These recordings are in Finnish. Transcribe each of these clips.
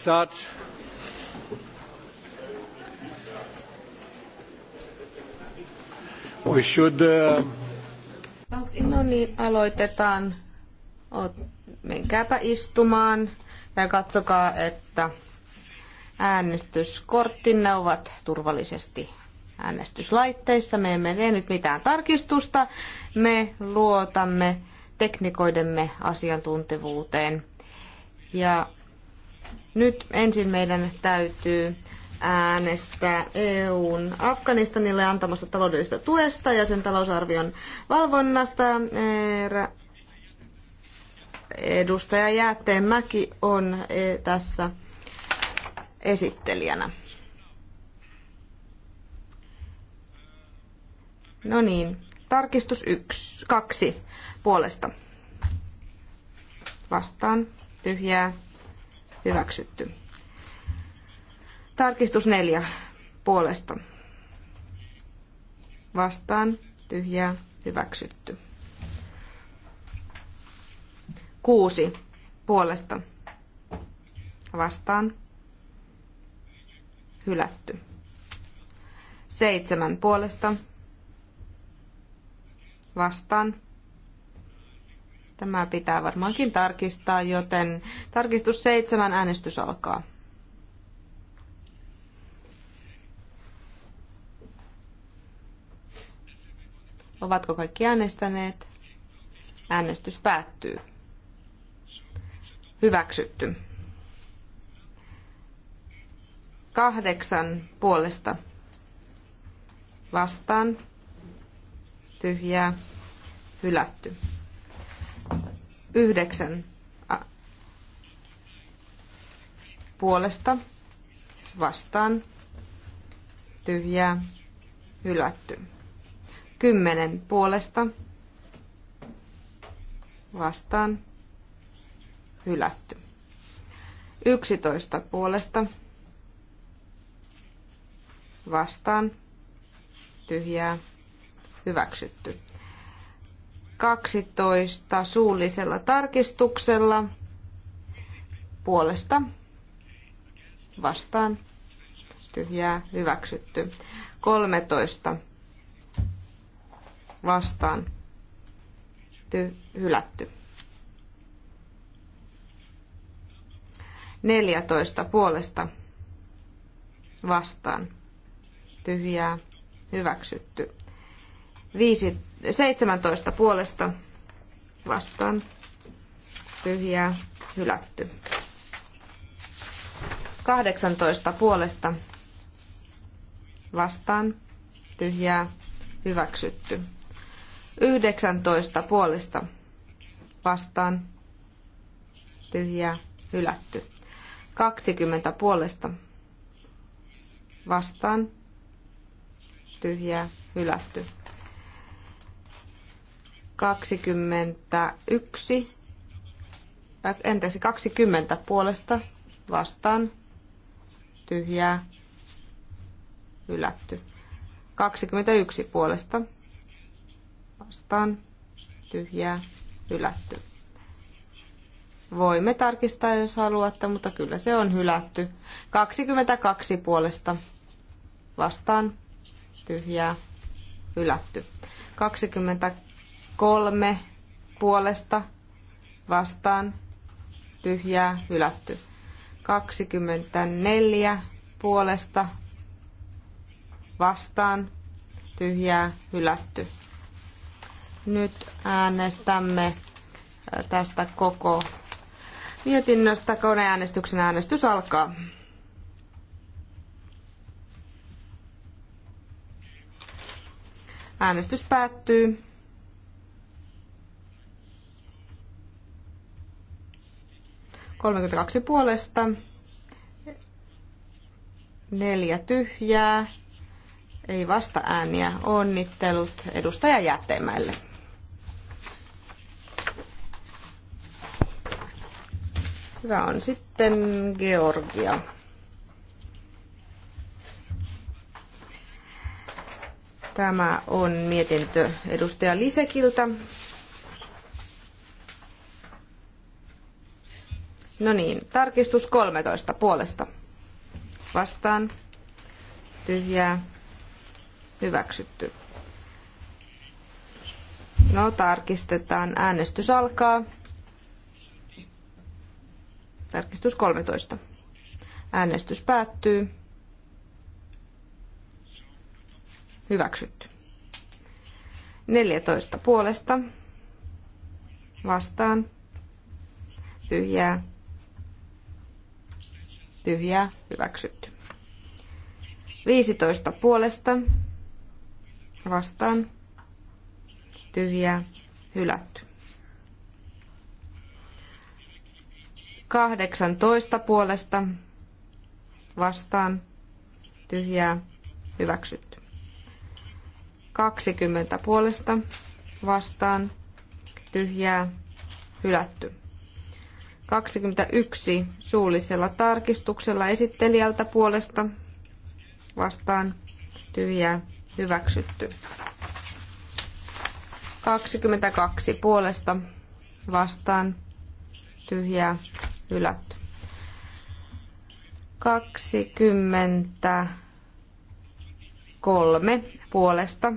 start. We should, No niin, aloitetaan. menkääpä istumaan ja katsokaa, että äänestyskorttinne ovat turvallisesti äänestyslaitteissa. Me emme tee nyt mitään tarkistusta. Me luotamme teknikoidemme asiantuntevuuteen. Ja nyt ensin meidän täytyy äänestää EUn Afganistanille antamasta taloudellisesta tuesta ja sen talousarvion valvonnasta. Edustaja Jäätteenmäki on e, tässä esittelijänä. No niin, tarkistus yksi, kaksi puolesta. Vastaan, tyhjää, Hyväksytty. Tarkistus neljä puolesta. Vastaan. Tyhjää. Hyväksytty. Kuusi puolesta. Vastaan. Hylätty. Seitsemän puolesta. Vastaan. Tämä pitää varmaankin tarkistaa, joten tarkistus seitsemän äänestys alkaa. Ovatko kaikki äänestäneet? Äänestys päättyy. Hyväksytty. Kahdeksan puolesta. Vastaan. Tyhjää. Hylätty. Yhdeksän puolesta vastaan tyhjää hylätty. Kymmenen puolesta vastaan hylätty. Yksitoista puolesta vastaan tyhjää hyväksytty. 12 suullisella tarkistuksella puolesta vastaan tyhjää hyväksytty. 13 vastaan ty- hylätty. 14 puolesta vastaan tyhjää hyväksytty. 5, 17 puolesta vastaan tyhjää hylätty. 18 puolesta vastaan tyhjää hyväksytty. 19 puolesta vastaan tyhjää hylätty. 20 puolesta vastaan tyhjää hylätty. 21, entäksi 20 puolesta vastaan, tyhjää, hylätty. 21 puolesta vastaan, tyhjää, hylätty. Voimme tarkistaa, jos haluatte, mutta kyllä se on hylätty. 22 puolesta vastaan, tyhjää, hylätty. 23 Kolme puolesta vastaan tyhjää hylätty. 24 puolesta vastaan tyhjää hylätty. Nyt äänestämme tästä koko mietinnöstä. Koneäänestyksen äänestys alkaa. Äänestys päättyy. 32 puolesta, neljä tyhjää, ei vasta ääniä. Onnittelut edustaja Jätemäelle. Hyvä on sitten Georgia. Tämä on mietintö edustaja Lisekiltä. No niin, tarkistus 13 puolesta. Vastaan. Tyhjää. Hyväksytty. No, tarkistetaan. Äänestys alkaa. Tarkistus 13. Äänestys päättyy. Hyväksytty. 14 puolesta. Vastaan. Tyhjää tyhjää, hyväksytty. 15 puolesta, vastaan, tyhjää, hylätty. 18 puolesta, vastaan, tyhjää, hyväksytty. 20 puolesta, vastaan, tyhjää, hylätty. 21 suullisella tarkistuksella esittelijältä puolesta vastaan tyhjää hyväksytty. 22 puolesta vastaan tyhjää hylätty. 23 puolesta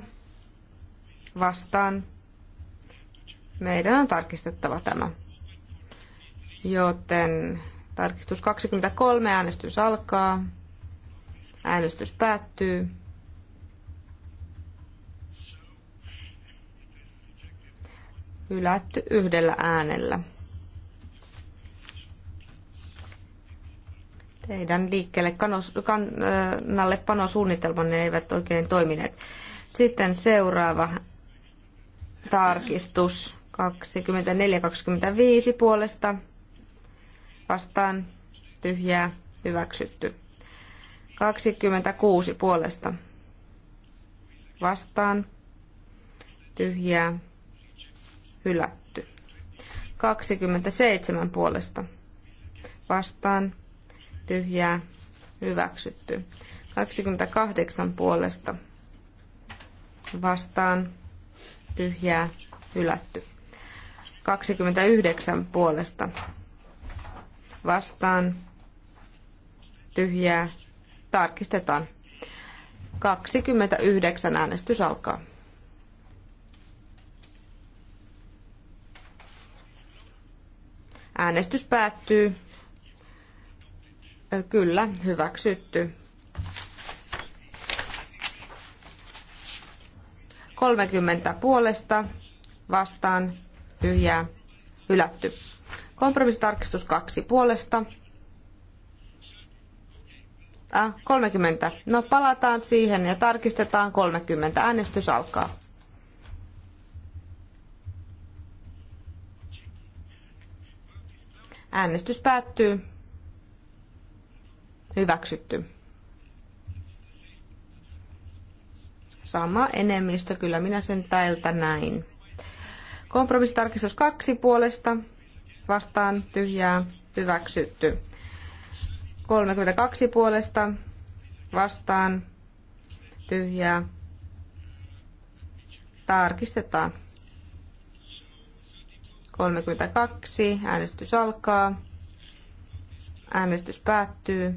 vastaan. Meidän on tarkistettava tämä. Joten tarkistus 23, äänestys alkaa. Äänestys päättyy. Hylätty yhdellä äänellä. Teidän liikkeelle kannalle panosuunnitelmanne eivät oikein toimineet. Sitten seuraava tarkistus 24-25 puolesta vastaan tyhjää hyväksytty. 26 puolesta vastaan tyhjää hylätty. 27 puolesta vastaan tyhjää hyväksytty. 28 puolesta vastaan tyhjää hylätty. 29 puolesta vastaan tyhjää tarkistetaan. 29 äänestys alkaa. Äänestys päättyy. Kyllä, hyväksytty. 30 puolesta vastaan tyhjää hylätty. Kompromissitarkistus kaksi puolesta. Äh, 30. No palataan siihen ja tarkistetaan 30. Äänestys alkaa. Äänestys päättyy. Hyväksytty. Sama enemmistö, kyllä minä sen täältä näin. Kompromissitarkistus kaksi puolesta vastaan tyhjää hyväksytty. 32 puolesta vastaan tyhjää tarkistetaan. 32. Äänestys alkaa. Äänestys päättyy.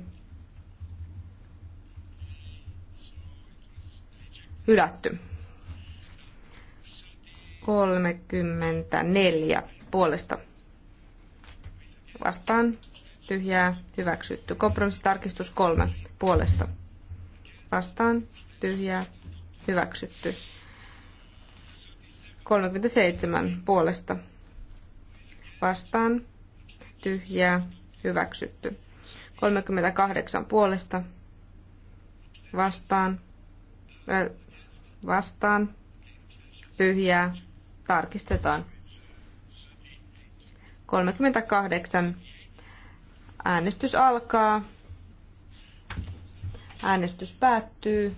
Hylätty. 34 puolesta. Vastaan tyhjää hyväksytty. Kompromissitarkistus 3 puolesta. Vastaan tyhjää hyväksytty. 37 puolesta. Vastaan tyhjää hyväksytty. 38 puolesta. Vastaan. Äh, vastaan. Tyhjää tarkistetaan. 38. Äänestys alkaa. Äänestys päättyy.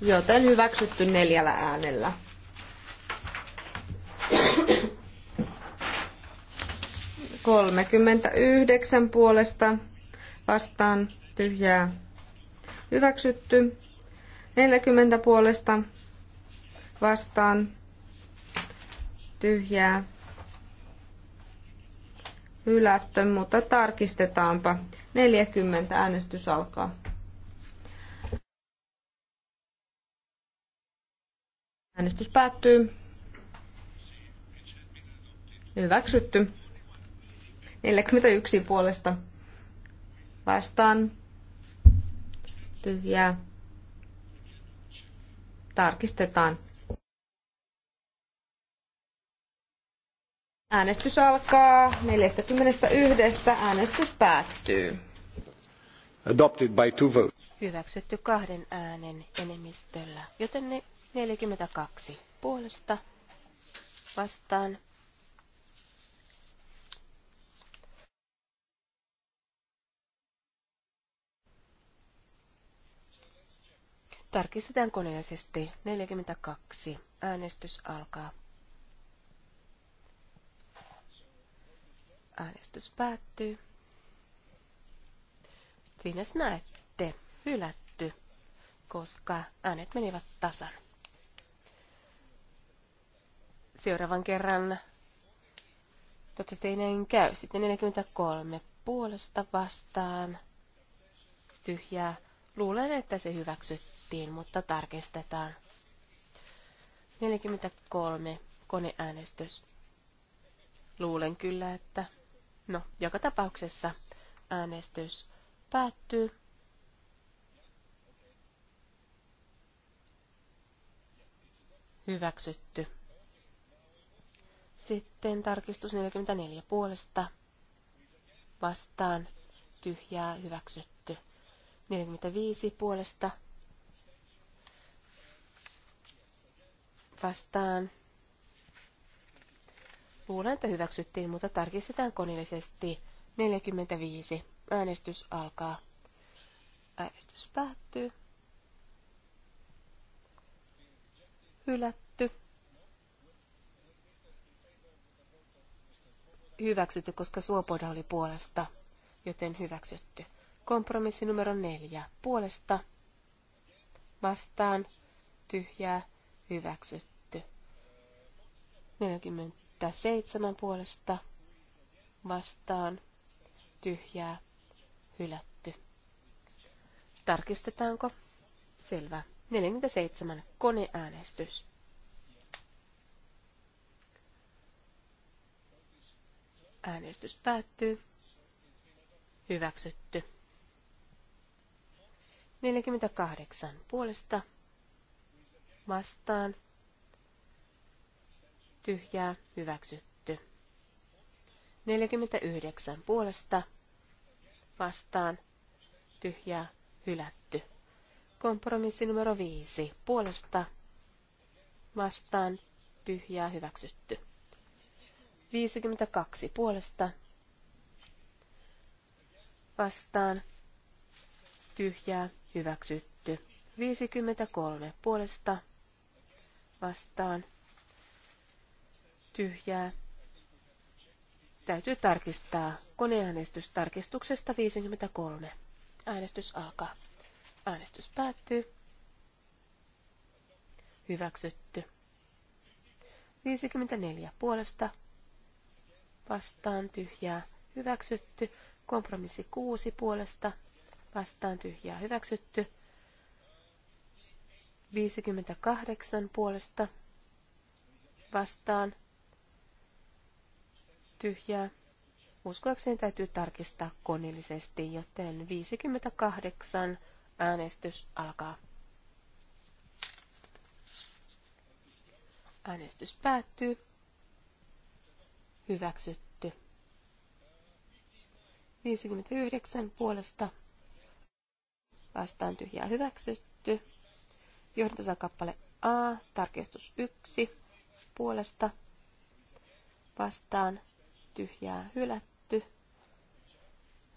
Joten hyväksytty neljällä äänellä. Kolmekymmentä yhdeksän puolesta vastaan tyhjää hyväksytty. 40 puolesta vastaan tyhjää hylätty, mutta tarkistetaanpa. 40 äänestys alkaa. Äänestys päättyy. Hyväksytty. 41 puolesta vastaan. Tyhjää. Tarkistetaan. Äänestys alkaa 41. Äänestys päättyy. Adopted by two votes. Hyväksytty kahden äänen enemmistöllä, joten ne 42 puolesta vastaan Tarkistetaan koneellisesti. 42. Äänestys alkaa. Äänestys päättyy. Siinä näette hylätty, koska äänet menivät tasan. Seuraavan kerran toivottavasti ei näin käy. Sitten 43 puolesta vastaan tyhjää. Luulen, että se hyväksyttiin hylättiin, mutta tarkistetaan. 43. Koneäänestys. Luulen kyllä, että... No, joka tapauksessa äänestys päättyy. Hyväksytty. Sitten tarkistus 44 puolesta. Vastaan. Tyhjää hyväksytty. 45 puolesta vastaan. Luulen, että hyväksyttiin, mutta tarkistetaan koneellisesti. 45. Äänestys alkaa. Äänestys päättyy. Hylätty. Hyväksytty, koska Suopoda oli puolesta, joten hyväksytty. Kompromissi numero neljä. Puolesta. Vastaan. Tyhjää hyväksytty. 47 puolesta vastaan tyhjää hylätty. Tarkistetaanko? Selvä. 47. Koneäänestys. Äänestys päättyy. Hyväksytty. 48 puolesta vastaan, tyhjää, hyväksytty. 49 puolesta, vastaan, tyhjää, hylätty. Kompromissi numero 5 puolesta, vastaan, tyhjää, hyväksytty. 52 puolesta, vastaan, tyhjää, hyväksytty. 53 puolesta, vastaan tyhjää. Täytyy tarkistaa koneäänestys tarkistuksesta 53. Äänestys alkaa. Äänestys päättyy. Hyväksytty. 54 puolesta vastaan tyhjää hyväksytty. Kompromissi 6 puolesta vastaan tyhjää hyväksytty. 58 puolesta vastaan tyhjää. Uskoakseni täytyy tarkistaa koneellisesti, joten 58 äänestys alkaa. Äänestys päättyy. Hyväksytty. 59 puolesta vastaan tyhjää hyväksytty. Johdantasakappale A, tarkistus 1, puolesta vastaan tyhjää hylätty.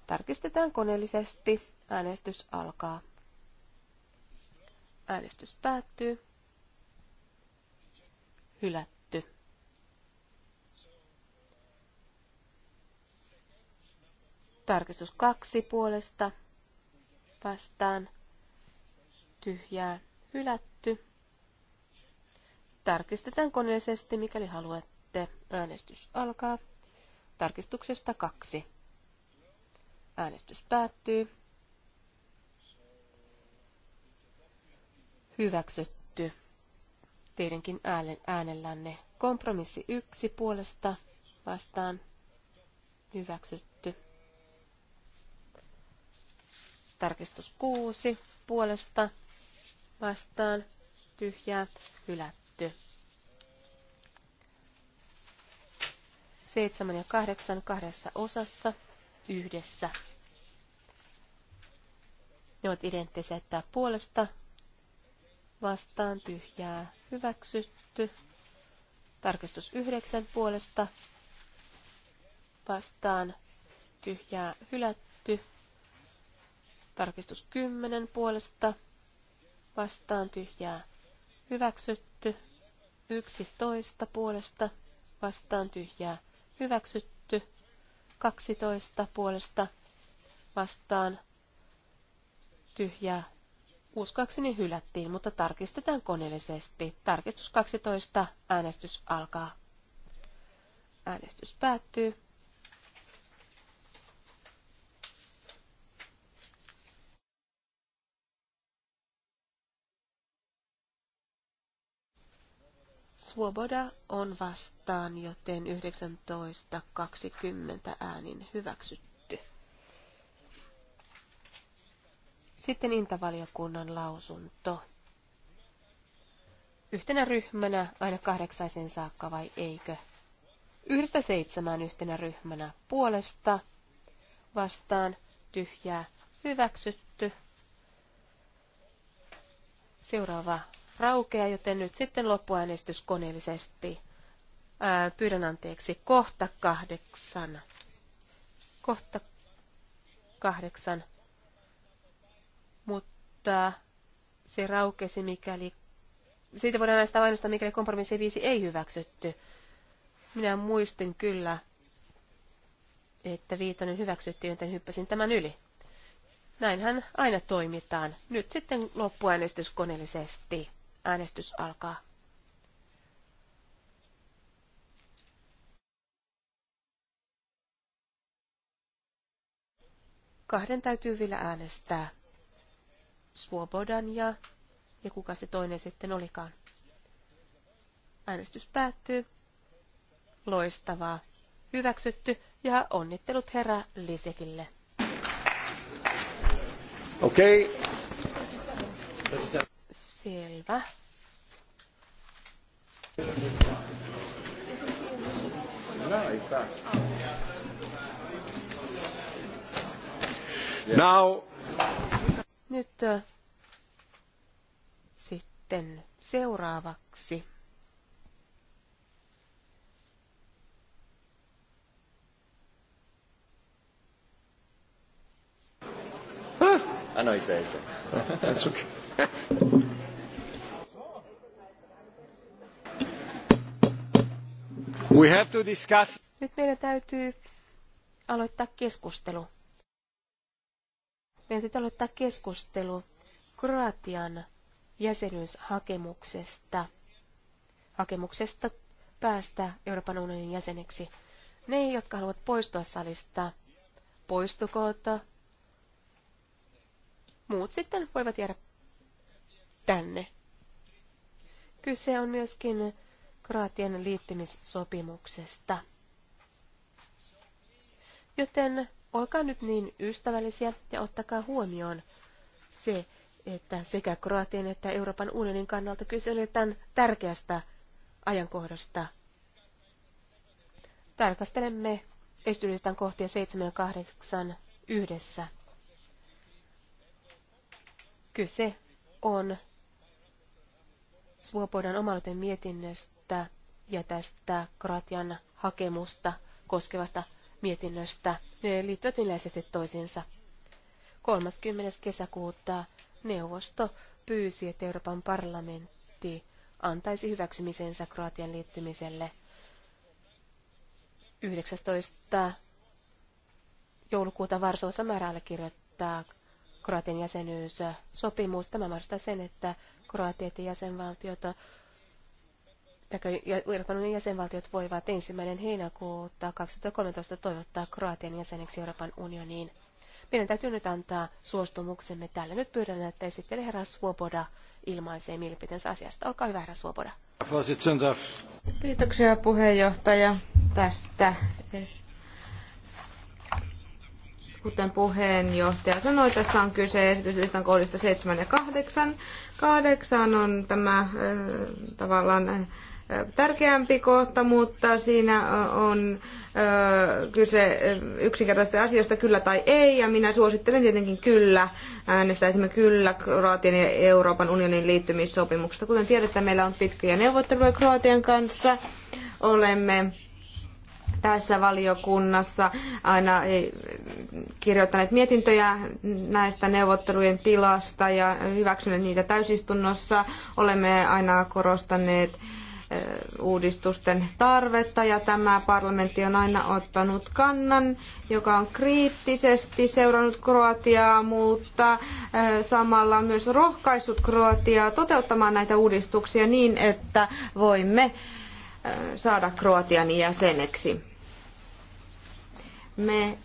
Tarkistetaan koneellisesti. Äänestys alkaa. Äänestys päättyy. Hylätty. Tarkistus kaksi puolesta vastaan tyhjää Hylätty. Tarkistetaan koneellisesti, mikäli haluatte. Äänestys alkaa. Tarkistuksesta kaksi. Äänestys päättyy. Hyväksytty. Teidänkin äänellänne. Kompromissi yksi puolesta vastaan. Hyväksytty. Tarkistus kuusi puolesta vastaan tyhjää hylätty. 7 ja 8 kahdessa osassa yhdessä. Ne ovat identtisiä, että puolesta vastaan tyhjää hyväksytty. Tarkistus 9 puolesta vastaan tyhjää hylätty. Tarkistus 10 puolesta vastaan tyhjää hyväksytty. toista puolesta vastaan tyhjää hyväksytty. toista puolesta vastaan tyhjää uskoakseni hylättiin, mutta tarkistetaan koneellisesti. Tarkistus 12, äänestys alkaa. Äänestys päättyy. Svoboda on vastaan, joten 19.20 äänin hyväksytty. Sitten intavaliokunnan lausunto. Yhtenä ryhmänä aina kahdeksaisen saakka vai eikö? Yhdestä seitsemään yhtenä ryhmänä puolesta vastaan tyhjää hyväksytty. Seuraava raukea, joten nyt sitten loppuäänestys koneellisesti. Ää, pyydän anteeksi. Kohta kahdeksan. Kohta kahdeksan. Mutta se raukesi, mikäli... Siitä voidaan näistä ainoastaan, mikäli kompromissi 5 ei hyväksytty. Minä muistin kyllä, että viitonen hyväksyttiin, joten hyppäsin tämän yli. Näinhän aina toimitaan. Nyt sitten loppuäänestys koneellisesti. Äänestys alkaa. Kahden täytyy vielä äänestää. Svobodan ja, ja kuka se toinen sitten olikaan. Äänestys päättyy. Loistavaa. Hyväksytty ja onnittelut herra Lisekille. Okei. Okay. Selvä. Now. Nyt äh, sitten seuraavaksi. Huh? I know he's there. That's okay. We have to discuss. Nyt meidän täytyy aloittaa keskustelu. Meidän täytyy aloittaa keskustelu Kroatian jäsenyyshakemuksesta. Hakemuksesta päästä Euroopan unionin jäseneksi. Ne, jotka haluavat poistua salista, poistukoot. Muut sitten voivat jäädä tänne. Kyse on myöskin Kroatian liittymissopimuksesta. Joten olkaa nyt niin ystävällisiä ja ottakaa huomioon se, että sekä Kroatian että Euroopan unionin kannalta kyse oli tämän tärkeästä ajankohdasta. Tarkastelemme esityslistan kohtia 7 8 yhdessä. Kyse on Suopodan omaloiten mietinnöstä ja tästä Kroatian hakemusta koskevasta mietinnöstä. Ne liittyvät yleisesti toisiinsa. 30. kesäkuuta neuvosto pyysi, että Euroopan parlamentti antaisi hyväksymisensä Kroatian liittymiselle. 19. joulukuuta Varsoossa määrä allekirjoittaa Kroatian Sopimus Tämä mahdollistaa sen, että Kroatiat ja jäsenvaltiot Euroopan unionin jäsenvaltiot voivat ensimmäinen heinäkuuta 2013 toivottaa Kroatian jäseneksi Euroopan unioniin. Meidän täytyy nyt antaa suostumuksemme tälle. Nyt pyydän, että esittele herra Svoboda ilmaisee mielipiteensä asiasta. Olkaa hyvä, herra Svoboda. Kiitoksia puheenjohtaja tästä. Kuten puheenjohtaja sanoi, tässä on kyse esityslistan kohdista 7 ja 8. 8 on tämä äh, tavallaan tärkeämpi kohta, mutta siinä on kyse yksinkertaisesta asiasta kyllä tai ei, ja minä suosittelen tietenkin kyllä, äänestäisimme kyllä Kroatian ja Euroopan unionin liittymissopimuksesta. Kuten tiedetään, meillä on pitkiä neuvotteluja Kroatian kanssa. Olemme tässä valiokunnassa aina e, kirjoittaneet mietintöjä näistä neuvottelujen tilasta ja hyväksyneet niitä täysistunnossa. Olemme aina korostaneet Eh, uudistusten tarvetta ja tämä parlamentti on aina ottanut kannan, joka on kriittisesti seurannut Kroatiaa, mutta eh, samalla myös rohkaissut Kroatiaa toteuttamaan näitä uudistuksia niin, että voimme eh, saada Kroatian jäseneksi. Me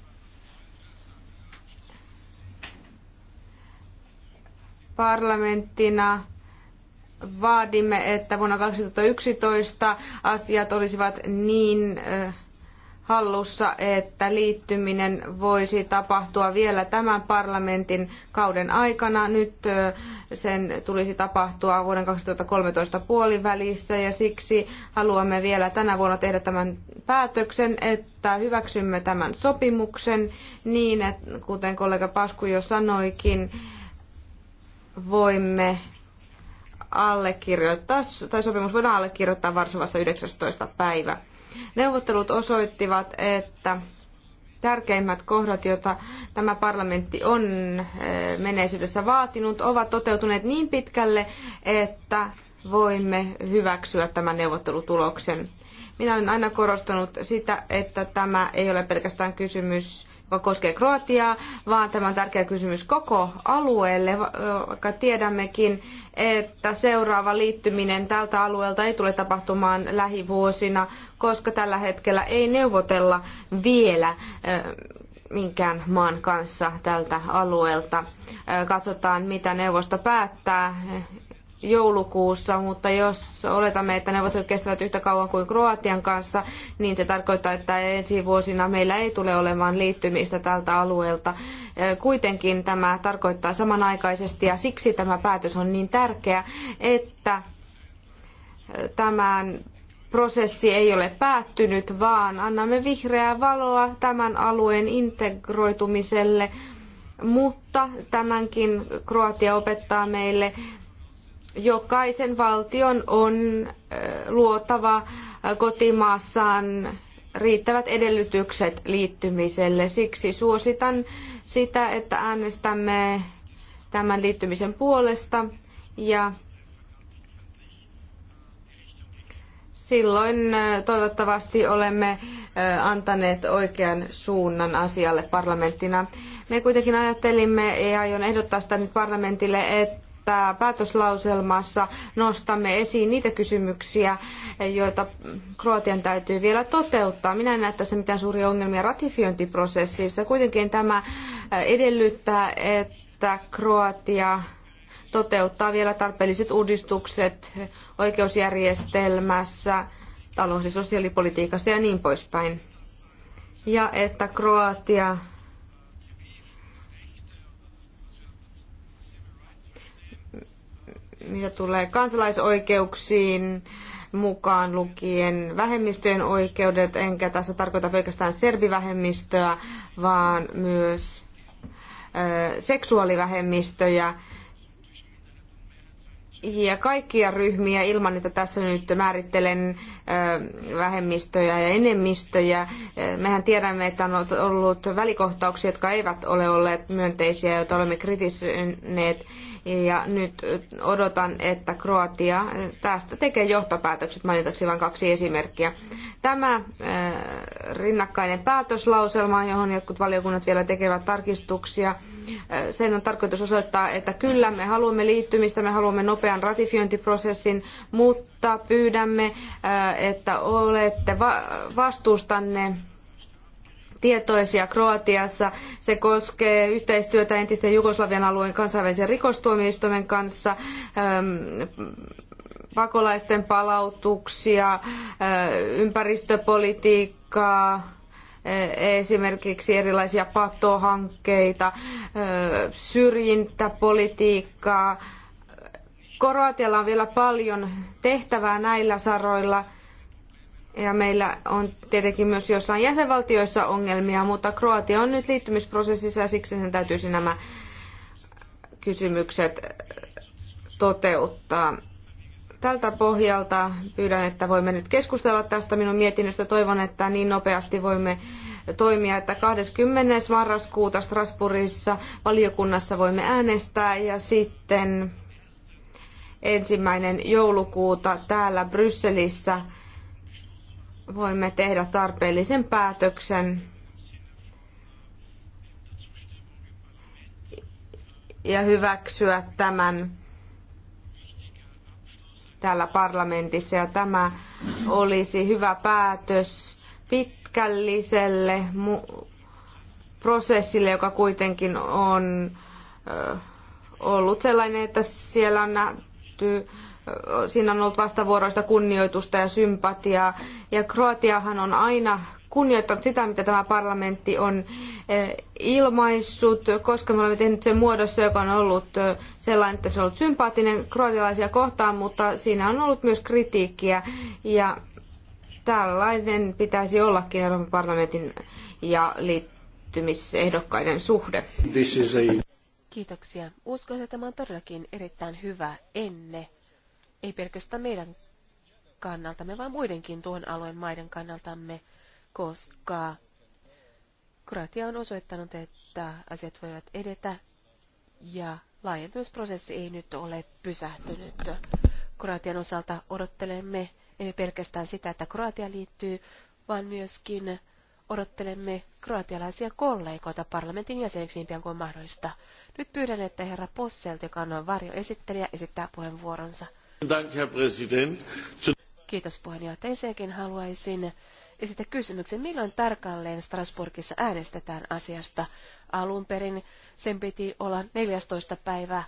parlamenttina vaadimme, että vuonna 2011 asiat olisivat niin äh, hallussa, että liittyminen voisi tapahtua vielä tämän parlamentin kauden aikana. Nyt äh, sen tulisi tapahtua vuoden 2013 puolivälissä ja siksi haluamme vielä tänä vuonna tehdä tämän päätöksen, että hyväksymme tämän sopimuksen niin, että kuten kollega Pasku jo sanoikin, voimme allekirjoittaa, tai sopimus voidaan allekirjoittaa Varsovassa 19. päivä. Neuvottelut osoittivat, että tärkeimmät kohdat, joita tämä parlamentti on eh, menneisyydessä vaatinut, ovat toteutuneet niin pitkälle, että voimme hyväksyä tämän neuvottelutuloksen. Minä olen aina korostanut sitä, että tämä ei ole pelkästään kysymys joka koskee Kroatiaa, vaan tämä on tärkeä kysymys koko alueelle, vaikka tiedämmekin, että seuraava liittyminen tältä alueelta ei tule tapahtumaan lähivuosina, koska tällä hetkellä ei neuvotella vielä minkään maan kanssa tältä alueelta. Katsotaan, mitä neuvosto päättää joulukuussa, mutta jos oletamme, että neuvottelut kestävät yhtä kauan kuin Kroatian kanssa, niin se tarkoittaa, että ensi vuosina meillä ei tule olemaan liittymistä tältä alueelta. Kuitenkin tämä tarkoittaa samanaikaisesti ja siksi tämä päätös on niin tärkeä, että tämän prosessi ei ole päättynyt, vaan annamme vihreää valoa tämän alueen integroitumiselle, mutta tämänkin Kroatia opettaa meille jokaisen valtion on luotava kotimaassaan riittävät edellytykset liittymiselle. Siksi suositan sitä, että äänestämme tämän liittymisen puolesta ja silloin toivottavasti olemme antaneet oikean suunnan asialle parlamenttina. Me kuitenkin ajattelimme ja aion ehdottaa sitä nyt parlamentille, että että päätöslauselmassa nostamme esiin niitä kysymyksiä, joita Kroatian täytyy vielä toteuttaa. Minä en näe tässä mitään suuria ongelmia ratifiointiprosessissa. Kuitenkin tämä edellyttää, että Kroatia toteuttaa vielä tarpeelliset uudistukset oikeusjärjestelmässä, talous- ja sosiaalipolitiikassa ja niin poispäin. Ja että Kroatia mitä tulee kansalaisoikeuksiin, mukaan lukien vähemmistöjen oikeudet, enkä tässä tarkoita pelkästään serbivähemmistöä, vaan myös ö, seksuaalivähemmistöjä ja kaikkia ryhmiä ilman, että tässä nyt määrittelen vähemmistöjä ja enemmistöjä. Mehän tiedämme, että on ollut välikohtauksia, jotka eivät ole olleet myönteisiä, joita olemme kritisoineet ja nyt odotan, että Kroatia tästä tekee johtopäätökset, mainitaksi vain kaksi esimerkkiä. Tämä äh, rinnakkainen päätöslauselma, johon jotkut valiokunnat vielä tekevät tarkistuksia, äh, sen on tarkoitus osoittaa, että kyllä me haluamme liittymistä, me haluamme nopean ratifiointiprosessin, mutta pyydämme, äh, että olette vastuustanne tietoisia Kroatiassa. Se koskee yhteistyötä entisten Jugoslavian alueen kansainvälisen rikostuomioistuimen kanssa, ähm, pakolaisten palautuksia, äh, ympäristöpolitiikkaa, äh, esimerkiksi erilaisia patohankkeita, äh, syrjintäpolitiikkaa. Kroatialla on vielä paljon tehtävää näillä saroilla – ja meillä on tietenkin myös jossain jäsenvaltioissa ongelmia, mutta Kroatia on nyt liittymisprosessissa ja siksi sen täytyisi nämä kysymykset toteuttaa. Tältä pohjalta pyydän, että voimme nyt keskustella tästä minun mietinnöstä. Toivon, että niin nopeasti voimme toimia, että 20. marraskuuta Strasbourgissa valiokunnassa voimme äänestää ja sitten ensimmäinen joulukuuta täällä Brysselissä voimme tehdä tarpeellisen päätöksen ja hyväksyä tämän täällä parlamentissa. Ja tämä olisi hyvä päätös pitkälliselle prosessille, joka kuitenkin on ollut sellainen, että siellä on nähty siinä on ollut vastavuoroista kunnioitusta ja sympatiaa. Ja Kroatiahan on aina kunnioittanut sitä, mitä tämä parlamentti on eh, ilmaissut, koska me olemme tehneet sen muodossa, joka on ollut eh, sellainen, että se on ollut sympaattinen kroatialaisia kohtaan, mutta siinä on ollut myös kritiikkiä. Ja tällainen pitäisi ollakin Euroopan parlamentin ja liittymisehdokkaiden suhde. Kiitoksia. Uskon, että tämä on todellakin erittäin hyvä ennen ei pelkästään meidän kannaltamme, vaan muidenkin tuon alueen maiden kannaltamme, koska Kroatia on osoittanut, että asiat voivat edetä ja laajentumisprosessi ei nyt ole pysähtynyt. Kroatian osalta odottelemme emme pelkästään sitä, että Kroatia liittyy, vaan myöskin odottelemme kroatialaisia kollegoita parlamentin jäseniksi niin pian kuin mahdollista. Nyt pyydän, että herra Posselt, joka on varjoesittelijä, esittää puheenvuoronsa. Kiitos puheenjohtaja. Ensinnäkin haluaisin esittää kysymyksen, milloin tarkalleen Strasbourgissa äänestetään asiasta. Alun perin sen piti olla 14. päivä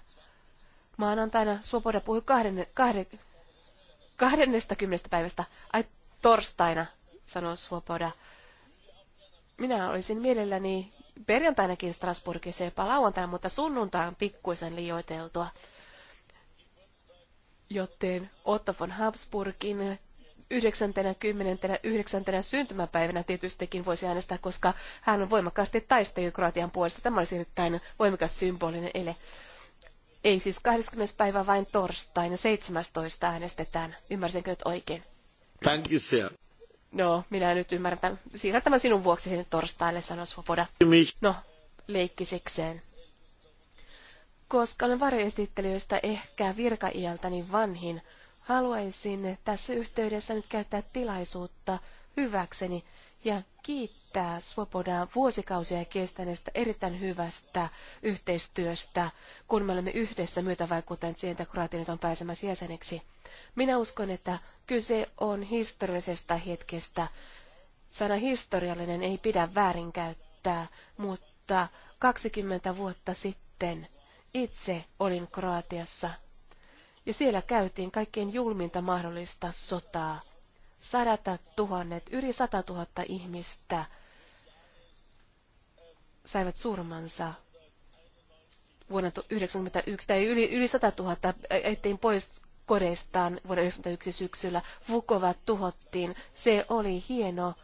maanantaina. Suopoda puhui kahden, 20 päivästä, ai torstaina, sanoi Suopoda. Minä olisin mielelläni perjantainakin Strasbourgissa, jopa lauantaina, mutta sunnuntaan pikkuisen liioiteltua joten Otto von Habsburgin 99. syntymäpäivänä tietystikin voisi äänestää, koska hän on voimakkaasti taistellut Kroatian puolesta. Tämä olisi erittäin voimakas symbolinen ele. Ei siis 20. päivä, vain torstaina 17. äänestetään. Ymmärsinkö nyt oikein? Thank you, sir. No, minä nyt ymmärrän. Siirrän tämän sinun vuoksi sinne torstaille, sanoi Svoboda. No, leikkisekseen. Koska olen varjoesittelijöistä ehkä virkaiältäni vanhin, haluaisin tässä yhteydessä nyt käyttää tilaisuutta hyväkseni ja kiittää Svobodaa vuosikausia kestäneestä erittäin hyvästä yhteistyöstä, kun me olemme yhdessä myötävaikuttaneet siihen, että Kroatia on pääsemässä jäseneksi. Minä uskon, että kyse on historiallisesta hetkestä. Sana historiallinen ei pidä väärinkäyttää, mutta 20 vuotta sitten itse olin Kroatiassa ja siellä käytiin kaikkein julminta mahdollista sotaa. Sadata tuhannet, yli sata tuhatta ihmistä saivat surmansa vuonna 1991, tai yli, yli 100 000 ettiin pois kodeistaan vuonna 1991 syksyllä. Vukovat tuhottiin. Se oli hieno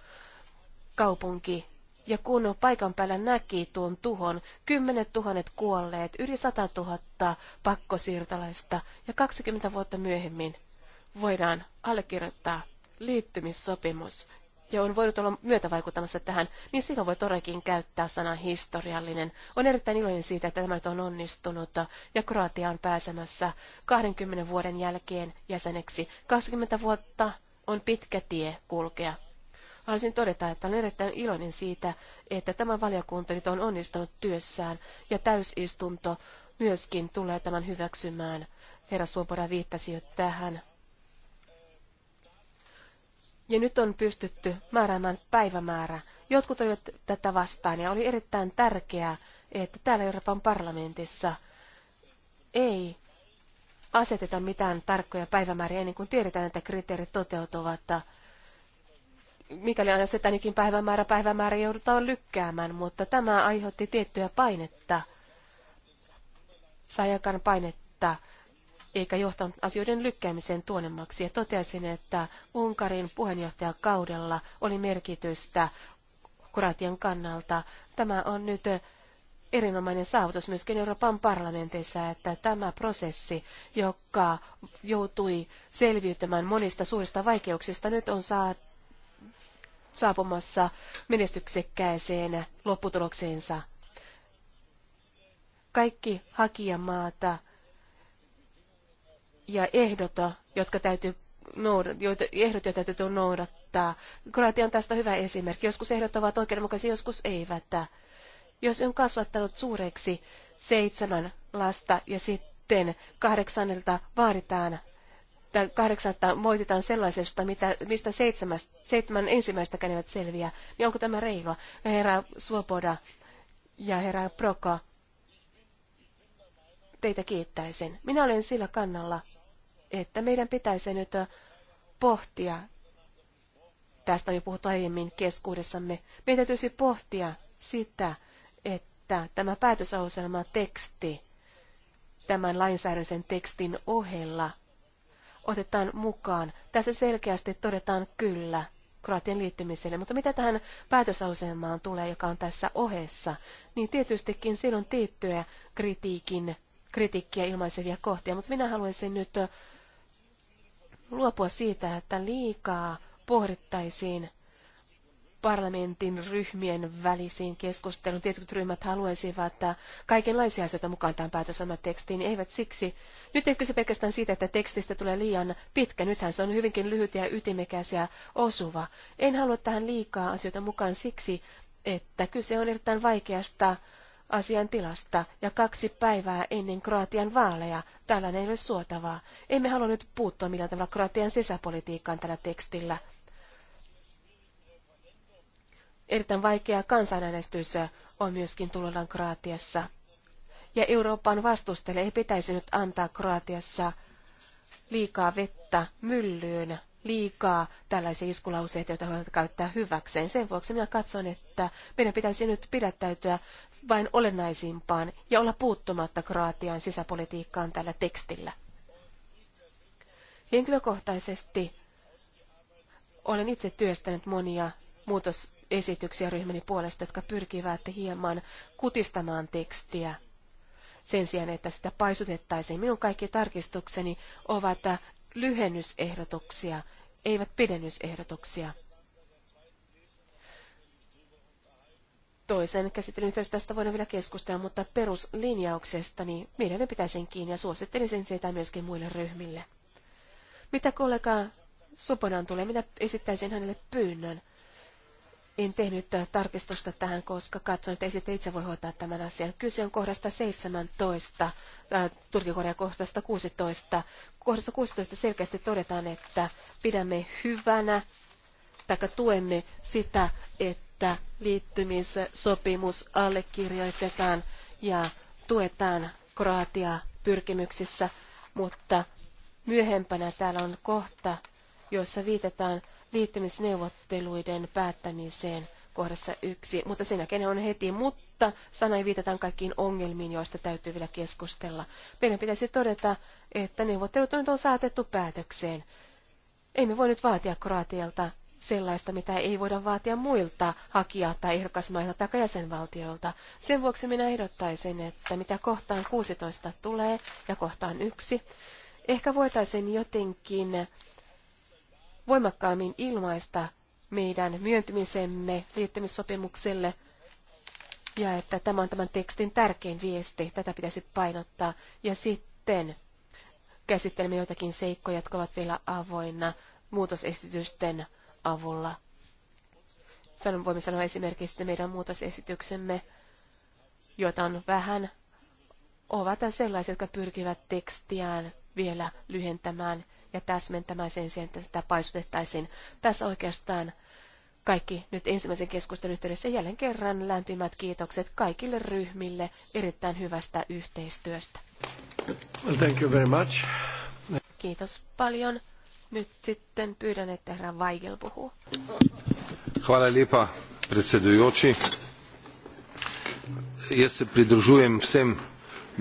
kaupunki ja kun paikan päällä näki tuon tuhon, kymmenet tuhannet kuolleet, yli sata tuhatta pakkosiirtolaista ja 20 vuotta myöhemmin voidaan allekirjoittaa liittymissopimus ja on voinut olla myötävaikuttamassa tähän, niin silloin voi todellakin käyttää sanan historiallinen. On erittäin iloinen siitä, että tämä on onnistunut ja Kroatia on pääsemässä 20 vuoden jälkeen jäseneksi. 20 vuotta on pitkä tie kulkea. Haluaisin todeta, että olen erittäin iloinen siitä, että tämä valiokunta nyt on onnistunut työssään ja täysistunto myöskin tulee tämän hyväksymään. Herra Suopora viittasi jo tähän. Ja nyt on pystytty määräämään päivämäärä. Jotkut olivat tätä vastaan ja oli erittäin tärkeää, että täällä Euroopan parlamentissa ei aseteta mitään tarkkoja päivämääriä ennen kuin tiedetään, että kriteerit toteutuvat mikäli asetetaan päivämäärä, päivämäärä joudutaan lykkäämään, mutta tämä aiheutti tiettyä painetta, saajakan painetta, eikä johtanut asioiden lykkäämiseen tuonemmaksi. Ja totesin, että Unkarin puheenjohtajakaudella oli merkitystä kuratian kannalta. Tämä on nyt erinomainen saavutus myöskin Euroopan parlamentissa, että tämä prosessi, joka joutui selviytymään monista suurista vaikeuksista, nyt on saatu saapumassa menestyksekkääseen lopputulokseensa. Kaikki hakijamaata ja ehdot, jotka täytyy noudat, ehdot, joita täytyy noudattaa. Kroatia on tästä hyvä esimerkki. Joskus ehdot ovat oikeudenmukaisia, joskus eivät. Jos on kasvattanut suureksi seitsemän lasta ja sitten kahdeksanelta vaaditaan kahdeksatta moititaan sellaisesta, mitä, mistä seitsemäs, seitsemän ensimmäistä eivät selviä, niin onko tämä reilua? Herra Suopoda ja herra Proka, teitä kiittäisin. Minä olen sillä kannalla, että meidän pitäisi nyt pohtia, tästä on jo puhuttu aiemmin keskuudessamme, meidän täytyisi pohtia sitä, että tämä päätösauselma teksti tämän lainsäädännön tekstin ohella – otetaan mukaan. Tässä selkeästi todetaan kyllä Kroatian liittymiselle, mutta mitä tähän päätösasemaan tulee, joka on tässä ohessa, niin tietystikin siinä on tiettyä kritiikin, kritiikkiä ilmaisevia kohtia, mutta minä haluaisin nyt luopua siitä, että liikaa pohdittaisiin parlamentin ryhmien välisiin keskusteluun. Tietyt ryhmät haluaisivat että kaikenlaisia asioita mukaan tämän tekstiin. eivät siksi. Nyt ei kyse pelkästään siitä, että tekstistä tulee liian pitkä. Nythän se on hyvinkin lyhyt ja ytimekäs ja osuva. En halua tähän liikaa asioita mukaan siksi, että kyse on erittäin vaikeasta asian tilasta ja kaksi päivää ennen Kroatian vaaleja. Tällainen ei ole suotavaa. Emme halua nyt puuttua millään tavalla Kroatian sisäpolitiikkaan tällä tekstillä erittäin vaikea kansanäänestys on myöskin tulollaan Kroatiassa. Ja Euroopan vastustajille ei pitäisi nyt antaa Kroatiassa liikaa vettä myllyyn, liikaa tällaisia iskulauseita, joita voivat käyttää hyväkseen. Sen vuoksi minä katson, että meidän pitäisi nyt pidättäytyä vain olennaisimpaan ja olla puuttumatta Kroatian sisäpolitiikkaan tällä tekstillä. Henkilökohtaisesti olen itse työstänyt monia muutos esityksiä ryhmäni puolesta, jotka pyrkivät hieman kutistamaan tekstiä sen sijaan, että sitä paisutettaisiin. Minun kaikki tarkistukseni ovat lyhennysehdotuksia, eivät pidennysehdotuksia. Toisen käsittelyn yhteydessä tästä voidaan vielä keskustella, mutta peruslinjauksesta niin ne pitäisin kiinni ja suosittelisin sitä myöskin muille ryhmille. Mitä kollega Suponan tulee, minä esittäisin hänelle pyynnön – en tehnyt tarkistusta tähän, koska katsoin että sitten itse voi hoitaa tämän asian. Kyse on kohdasta 17, äh, Turkikorjan kohdasta 16. Kohdassa 16 selkeästi todetaan, että pidämme hyvänä tai tuemme sitä, että liittymissopimus allekirjoitetaan ja tuetaan Kroatiaa pyrkimyksissä, mutta myöhempänä täällä on kohta, jossa viitataan liittymisneuvotteluiden päättämiseen kohdassa yksi, mutta sen jälkeen on heti, mutta sana ei viitataan kaikkiin ongelmiin, joista täytyy vielä keskustella. Meidän pitäisi todeta, että neuvottelut on nyt on saatettu päätökseen. Emme voi nyt vaatia Kroatialta sellaista, mitä ei voida vaatia muilta hakija- tai ehdokasmailta tai jäsenvaltioilta. Sen vuoksi minä ehdottaisin, että mitä kohtaan 16 tulee ja kohtaan yksi, ehkä voitaisiin jotenkin voimakkaammin ilmaista meidän myöntymisemme liittymissopimukselle ja että tämä on tämän tekstin tärkein viesti. Tätä pitäisi painottaa. Ja sitten käsittelemme joitakin seikkoja, jotka ovat vielä avoinna muutosesitysten avulla. Sanon, voimme sanoa esimerkiksi, että meidän muutosesityksemme, joita on vähän, ovat sellaisia, jotka pyrkivät tekstiään vielä lyhentämään ja täsmentämään sen sijaan, että sitä paisutettaisiin. Tässä oikeastaan kaikki nyt ensimmäisen keskustelun yhteydessä jälleen kerran lämpimät kiitokset kaikille ryhmille erittäin hyvästä yhteistyöstä. Well, thank you very much. Kiitos paljon. Nyt sitten pyydän, että herra Weigel puhuu. Hvala lipa, predsedujoči. Jaz se pridružujem vsem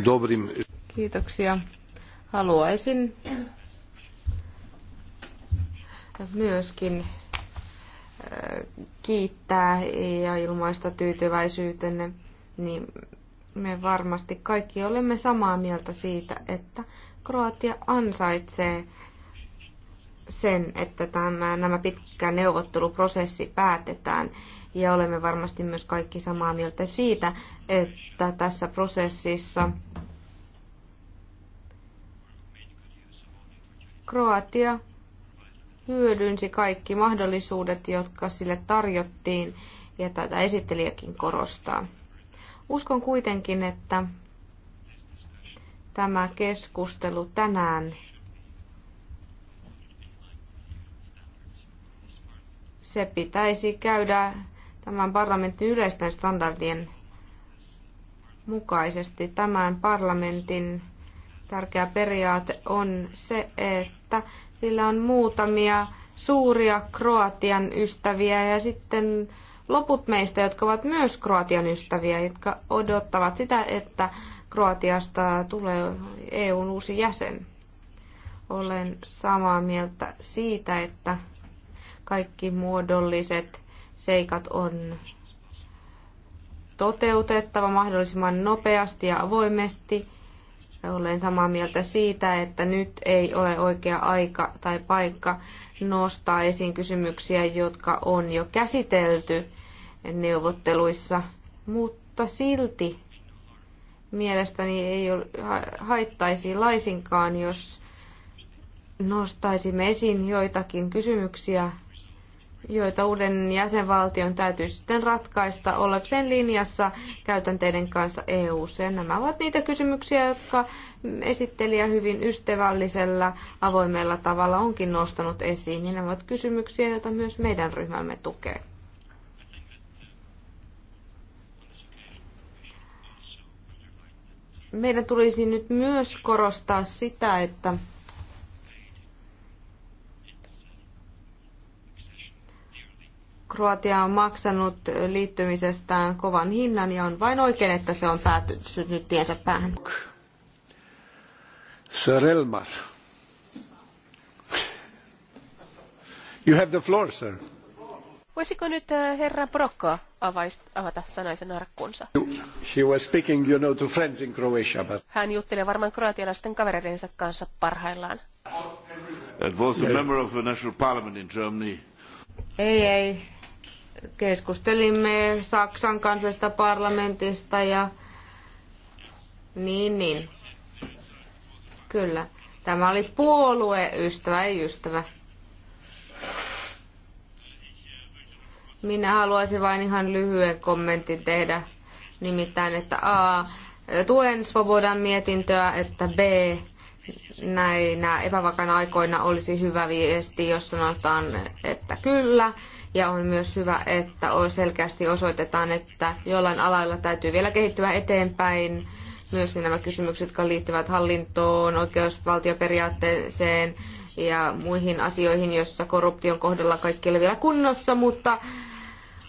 dobrim. Kiitoksia. Haluaisin myöskin äh, kiittää ja ilmaista tyytyväisyytenne, niin me varmasti kaikki olemme samaa mieltä siitä, että Kroatia ansaitsee sen, että tämä, nämä pitkä neuvotteluprosessi päätetään. Ja olemme varmasti myös kaikki samaa mieltä siitä, että tässä prosessissa Kroatia hyödynsi kaikki mahdollisuudet, jotka sille tarjottiin, ja tätä esittelijäkin korostaa. Uskon kuitenkin, että tämä keskustelu tänään se pitäisi käydä tämän parlamentin yleisten standardien mukaisesti. Tämän parlamentin tärkeä periaate on se, että sillä on muutamia suuria Kroatian ystäviä ja sitten loput meistä, jotka ovat myös Kroatian ystäviä, jotka odottavat sitä, että Kroatiasta tulee EUn uusi jäsen. Olen samaa mieltä siitä, että kaikki muodolliset seikat on toteutettava mahdollisimman nopeasti ja avoimesti – olen samaa mieltä siitä, että nyt ei ole oikea aika tai paikka nostaa esiin kysymyksiä, jotka on jo käsitelty neuvotteluissa, mutta silti mielestäni ei haittaisi laisinkaan, jos nostaisimme esiin joitakin kysymyksiä, joita uuden jäsenvaltion täytyy sitten ratkaista ollakseen linjassa käytänteiden kanssa EU:ssa. Nämä ovat niitä kysymyksiä, jotka esittelijä hyvin ystävällisellä avoimella tavalla onkin nostanut esiin. Niin nämä ovat kysymyksiä, joita myös meidän ryhmämme tukee. Meidän tulisi nyt myös korostaa sitä, että Kroatia on maksanut liittymisestään kovan hinnan ja on vain oikein, että se on päätynyt nyt tiensä päähän. Sir Elmar. You have the floor, sir. Voisiko nyt äh, herra Brokko avata sanaisen arkkunsa? He was speaking, you know, to friends in Croatia, but... Hän juttelee varmaan kroatialaisten kavereidensa kanssa parhaillaan. It was a member of the national parliament in Germany. Ei, ei keskustelimme Saksan kansallisesta parlamentista ja niin, niin. Kyllä. Tämä oli puolueystävä, ei ystävä. Minä haluaisin vain ihan lyhyen kommentin tehdä. Nimittäin, että A. Tuen Svobodan mietintöä, että B. Näinä epävakaina aikoina olisi hyvä viesti, jos sanotaan, että kyllä ja on myös hyvä, että selkeästi osoitetaan, että jollain alalla täytyy vielä kehittyä eteenpäin. Myös nämä kysymykset, jotka liittyvät hallintoon, oikeusvaltioperiaatteeseen ja muihin asioihin, joissa korruption kohdalla kaikki ei vielä kunnossa, mutta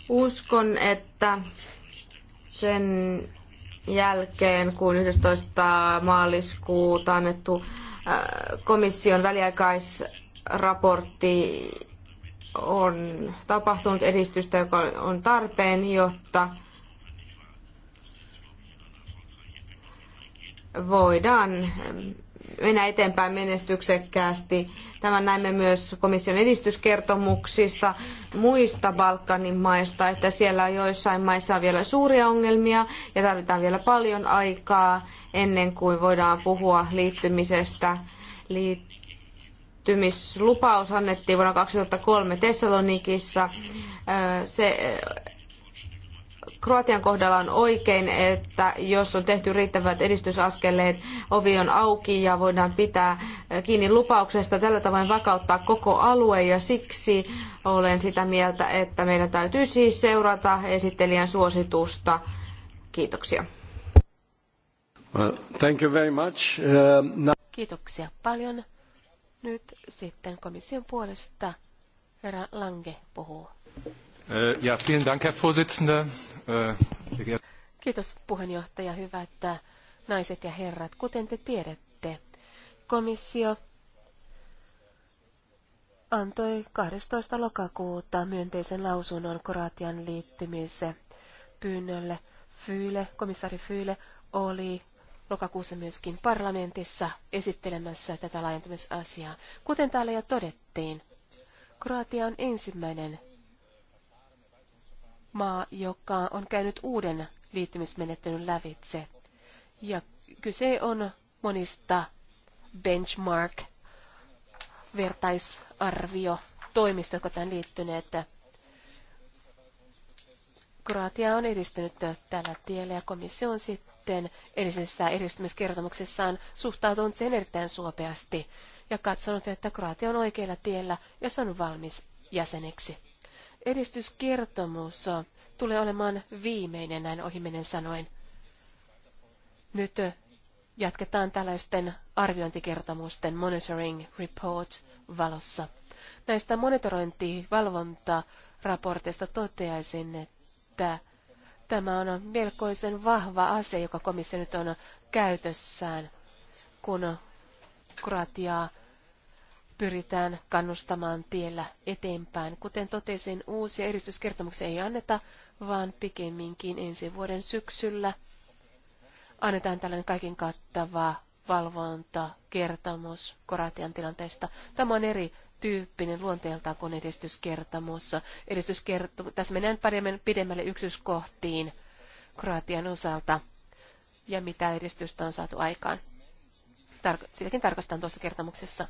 uskon, että sen jälkeen, kun 11. maaliskuuta annettu äh, komission väliaikaisraportti on tapahtunut edistystä, joka on tarpeen, jotta voidaan mennä eteenpäin menestyksekkäästi. Tämän näimme myös komission edistyskertomuksista muista Balkanin maista, että siellä on joissain maissa on vielä suuria ongelmia ja tarvitaan vielä paljon aikaa ennen kuin voidaan puhua liittymisestä liittyen liittymislupaus annettiin vuonna 2003 Thessalonikissa. Se Kroatian kohdalla on oikein, että jos on tehty riittävät edistysaskeleet, ovi on auki ja voidaan pitää kiinni lupauksesta tällä tavoin vakauttaa koko alue ja siksi olen sitä mieltä, että meidän täytyy siis seurata esittelijän suositusta. Kiitoksia. Well, thank you very much. Uh, now... Kiitoksia paljon. Nyt sitten komission puolesta herra Lange puhuu. Äh, ja, vielen Dank, Herr Vorsitzender. Äh, äh, Kiitos puheenjohtaja. Hyvä, että naiset ja herrat, kuten te tiedätte, komissio antoi 12. lokakuuta myönteisen lausunnon Kroatian liittymisen pyynnölle. Fyyle, komissaari Fyyle oli lokakuussa myöskin parlamentissa esittelemässä tätä laajentumisasiaa. Kuten täällä jo todettiin, Kroatia on ensimmäinen maa, joka on käynyt uuden liittymismenettelyn lävitse. Ja kyse on monista benchmark vertaisarvio toimista, jotka tämän liittyneet. Kroatia on edistynyt tällä tiellä ja komissio on sitten sitten edellisessä eristymiskertomuksessaan suhtautunut sen erittäin suopeasti ja katsonut, että Kroatia on oikealla tiellä ja se on valmis jäseneksi. Edistyskertomus tulee olemaan viimeinen, näin ohimenen sanoen. Nyt jatketaan tällaisten arviointikertomusten monitoring report valossa. Näistä monitorointi toteaisin, että Tämä on melkoisen vahva ase, joka komissio nyt on käytössään, kun Kroatiaa pyritään kannustamaan tiellä eteenpäin. Kuten totesin, uusia edistyskertomuksia ei anneta, vaan pikemminkin ensi vuoden syksyllä annetaan tällainen kaiken kattava valvontakertomus Kroatian tilanteesta. Tämä on eri tyyppinen luonteeltaan kuin edistyskertomossa. Edistyskertomus. Tässä mennään paremmin pidemmälle yksityiskohtiin Kroatian osalta ja mitä edistystä on saatu aikaan. Tark- sitäkin tarkastetaan tuossa kertomuksessa.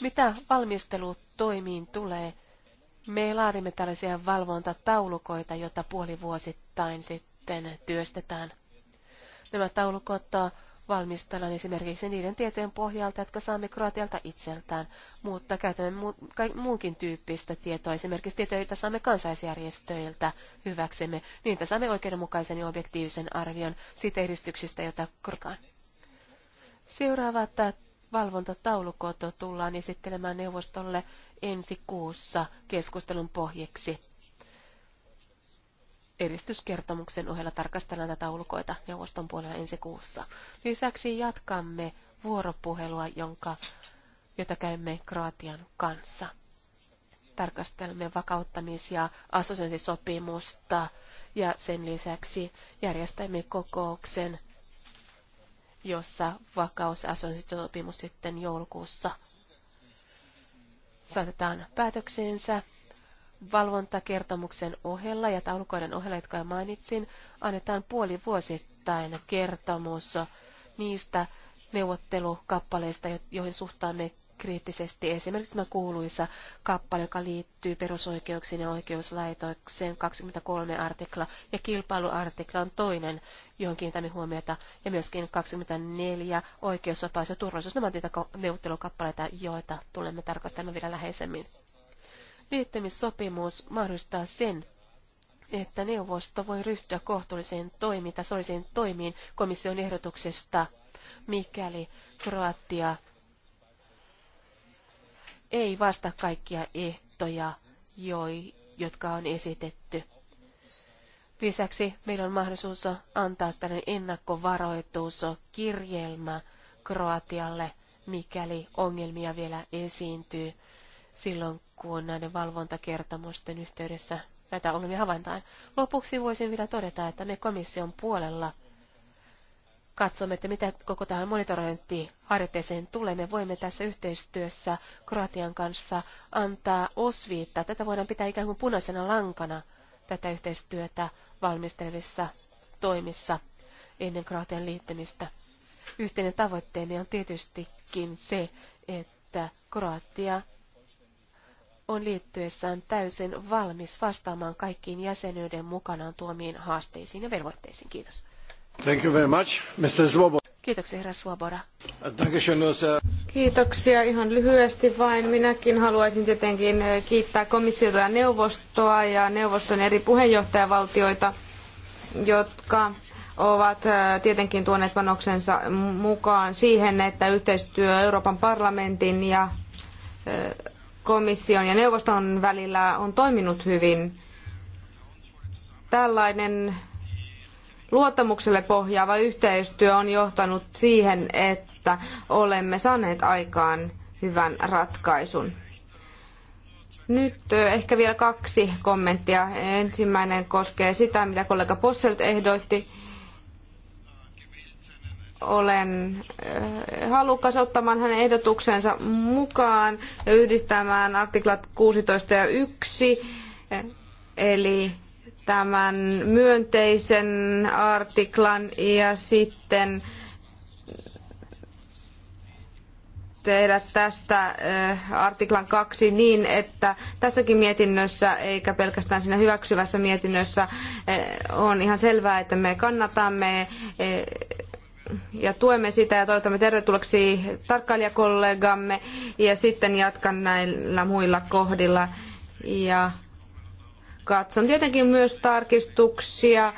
Mitä valmistelutoimiin tulee? Me laadimme tällaisia valvontataulukoita, joita puolivuosittain sitten työstetään. Nämä taulukot valmistellaan esimerkiksi niiden tietojen pohjalta, jotka saamme Kroatialta itseltään, mutta käytämme mu- muunkin tyyppistä tietoa, esimerkiksi tietoja, joita saamme kansaisjärjestöiltä hyväksemme, niin että saamme oikeudenmukaisen ja objektiivisen arvion siitä edistyksistä, jota korkaan. Seuraavat äh, valvontataulukot tullaan esittelemään neuvostolle ensi kuussa keskustelun pohjeksi edistyskertomuksen ohella tarkastellaan tätä ulkoita neuvoston puolella ensi kuussa. Lisäksi jatkamme vuoropuhelua, jonka, jota käymme Kroatian kanssa. Tarkastelemme vakauttamis- ja assosiointisopimusta ja sen lisäksi järjestämme kokouksen, jossa vakaus- ja sitten joulukuussa saatetaan päätöksensä valvontakertomuksen ohella ja taulukoiden ohella, jotka mainitsin, annetaan puoli vuosittain kertomus niistä neuvottelukappaleista, joihin suhtaamme kriittisesti. Esimerkiksi tämä kuuluisa kappale, joka liittyy perusoikeuksiin ja oikeuslaitokseen, 23 artikla ja kilpailuartikla on toinen, johon kiinnitämme huomiota, ja myöskin 24 oikeusvapaus ja turvallisuus. Nämä ovat niitä neuvottelukappaleita, joita tulemme tarkastamaan vielä läheisemmin. Liittymissopimus mahdollistaa sen, että neuvosto voi ryhtyä kohtuulliseen toimintasollisiin toimiin komission ehdotuksesta, mikäli Kroatia ei vasta kaikkia ehtoja, joi, jotka on esitetty. Lisäksi meillä on mahdollisuus antaa tällainen ennakkovaroitus kirjelmä Kroatialle, mikäli ongelmia vielä esiintyy silloin, kun näiden valvontakertomusten yhteydessä näitä ongelmia havaintaan. Lopuksi voisin vielä todeta, että me komission puolella katsomme, että mitä koko tähän monitorointiharjoitteeseen tulee. Me voimme tässä yhteistyössä Kroatian kanssa antaa osviittaa. Tätä voidaan pitää ikään kuin punaisena lankana tätä yhteistyötä valmistelevissa toimissa ennen Kroatian liittymistä. Yhteinen tavoitteemme on tietystikin se, että Kroatia on liittyessään täysin valmis vastaamaan kaikkiin jäsenyyden mukanaan tuomiin haasteisiin ja velvoitteisiin. Kiitos. Thank you very much, Mr. Svoboda. Kiitoksia, herra Svoboda. No, Kiitoksia. Ihan lyhyesti vain. Minäkin haluaisin tietenkin eh, kiittää komissiota ja neuvostoa ja neuvoston eri puheenjohtajavaltioita, jotka ovat eh, tietenkin tuoneet panoksensa mukaan siihen, että yhteistyö Euroopan parlamentin ja eh, komission ja neuvoston välillä on toiminut hyvin. Tällainen luottamukselle pohjaava yhteistyö on johtanut siihen, että olemme saaneet aikaan hyvän ratkaisun. Nyt ehkä vielä kaksi kommenttia. Ensimmäinen koskee sitä, mitä kollega Posselt ehdotti olen äh, halukas ottamaan hänen ehdotuksensa mukaan ja yhdistämään artiklat 16 ja 1, eli tämän myönteisen artiklan ja sitten tehdä tästä äh, artiklan kaksi niin, että tässäkin mietinnössä, eikä pelkästään siinä hyväksyvässä mietinnössä, äh, on ihan selvää, että me kannatamme ja tuemme sitä ja toivotamme tervetulleeksi tarkkailijakollegamme ja sitten jatkan näillä muilla kohdilla. Ja katson tietenkin myös tarkistuksia,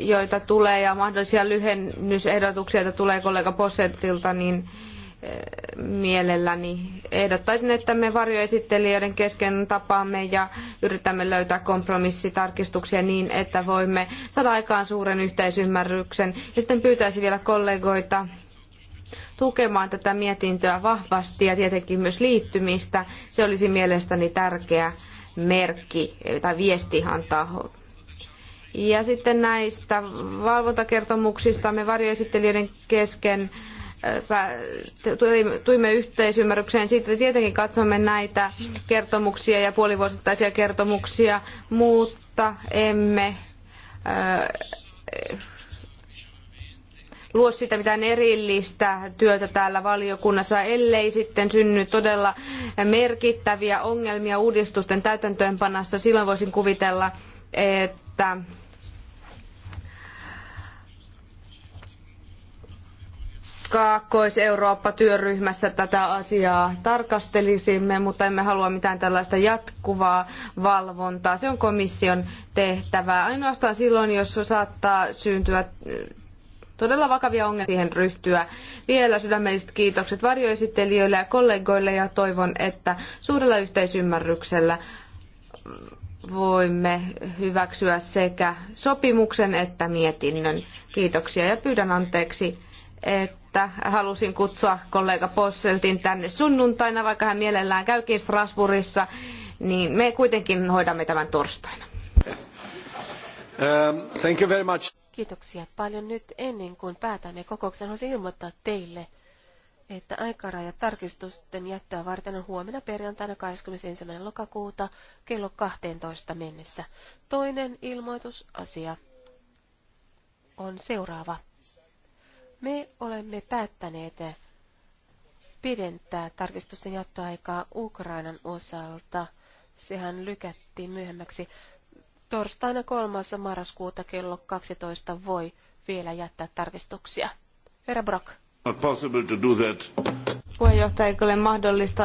joita tulee ja mahdollisia lyhennysehdotuksia, joita tulee kollega Possettilta, niin mielelläni ehdottaisin, että me varjoesittelijöiden kesken tapaamme ja yritämme löytää kompromissitarkistuksia niin, että voimme saada aikaan suuren yhteisymmärryksen. Ja sitten pyytäisin vielä kollegoita tukemaan tätä mietintöä vahvasti ja tietenkin myös liittymistä. Se olisi mielestäni tärkeä merkki tai viesti antaa ja sitten näistä valvontakertomuksista me varjoesittelijöiden kesken tuimme yhteisymmärrykseen. Sitten tietenkin katsomme näitä kertomuksia ja puolivuosittaisia kertomuksia, mutta emme äh, luo sitä mitään erillistä työtä täällä valiokunnassa, ellei sitten synny todella merkittäviä ongelmia uudistusten täytäntöönpanassa. Silloin voisin kuvitella, että Kaakkois-Eurooppa-työryhmässä tätä asiaa tarkastelisimme, mutta emme halua mitään tällaista jatkuvaa valvontaa. Se on komission tehtävää. Ainoastaan silloin, jos saattaa syntyä äh, todella vakavia ongelmia siihen ryhtyä. Vielä sydämelliset kiitokset varjoesittelijöille ja kollegoille ja toivon, että suurella yhteisymmärryksellä voimme hyväksyä sekä sopimuksen että mietinnön. Kiitoksia ja pyydän anteeksi että halusin kutsua kollega Posseltin tänne sunnuntaina, vaikka hän mielellään käykin Strasbourgissa, niin me kuitenkin hoidamme tämän torstaina. Um, thank you very much. Kiitoksia paljon nyt ennen kuin päätämme kokouksen. Haluaisin ilmoittaa teille, että aikaraja tarkistusten jättöä varten on huomenna perjantaina 21. lokakuuta kello 12 mennessä. Toinen ilmoitusasia on seuraava. Me olemme päättäneet pidentää tarkistusten jatkoaikaa Ukrainan osalta. Sehän lykättiin myöhemmäksi. Torstaina 3. marraskuuta kello 12 voi vielä jättää tarkistuksia. Herra Brock. Puheenjohtaja, eikö ole mahdollista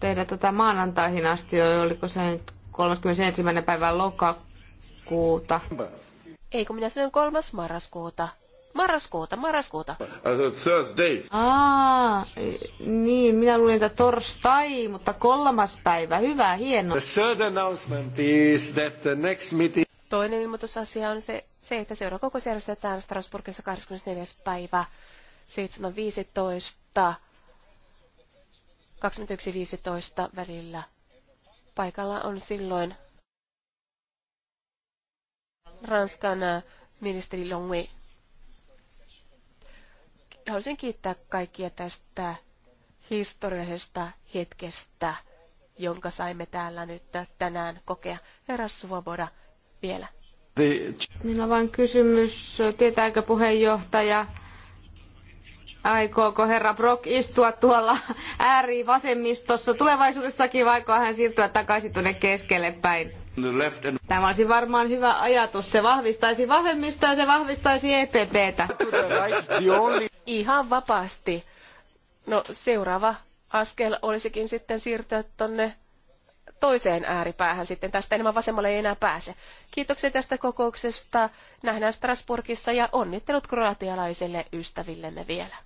tehdä tätä maanantaihin asti, oliko se nyt 31. päivä lokakuuta? Ei, kun minä sanoin 3. marraskuuta. Marraskuuta, marraskuuta. Uh, Thursday. Aa, niin, minä luulin, että torstai, mutta kolmas päivä. Hyvä, hieno. The third announcement is that the next meeting... Toinen ilmoitusasia on se, se että seuraava kokous järjestetään Strasbourgissa 24. päivä 7.15. 21.15 välillä. Paikalla on silloin Ranskan äh, ministeri Longwe haluaisin kiittää kaikkia tästä historiallisesta hetkestä, jonka saimme täällä nyt tänään kokea. Herra Suvoboda, vielä. Minulla on vain kysymys, tietääkö puheenjohtaja, aikooko herra Brock istua tuolla ääri vasemmistossa tulevaisuudessakin, vaikka hän siirtyä takaisin tuonne keskelle päin? Tämä olisi varmaan hyvä ajatus. Se vahvistaisi vahvemmista ja se vahvistaisi EPPtä. Ihan vapaasti. No seuraava askel olisikin sitten siirtyä tuonne toiseen ääripäähän sitten. Tästä enemmän vasemmalle ei enää pääse. Kiitoksia tästä kokouksesta. Nähdään Strasburgissa ja onnittelut kroatialaisille ystävillemme vielä.